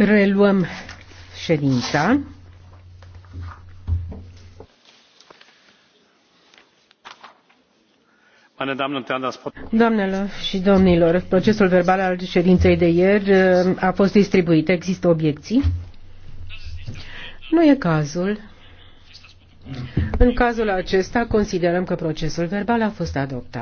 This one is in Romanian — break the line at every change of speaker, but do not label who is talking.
Reluăm ședința.
Doamnelor și domnilor, procesul verbal al ședinței de ieri uh, a fost distribuit. Există obiecții? Nu e cazul. În cazul acesta considerăm că procesul verbal a fost adoptat.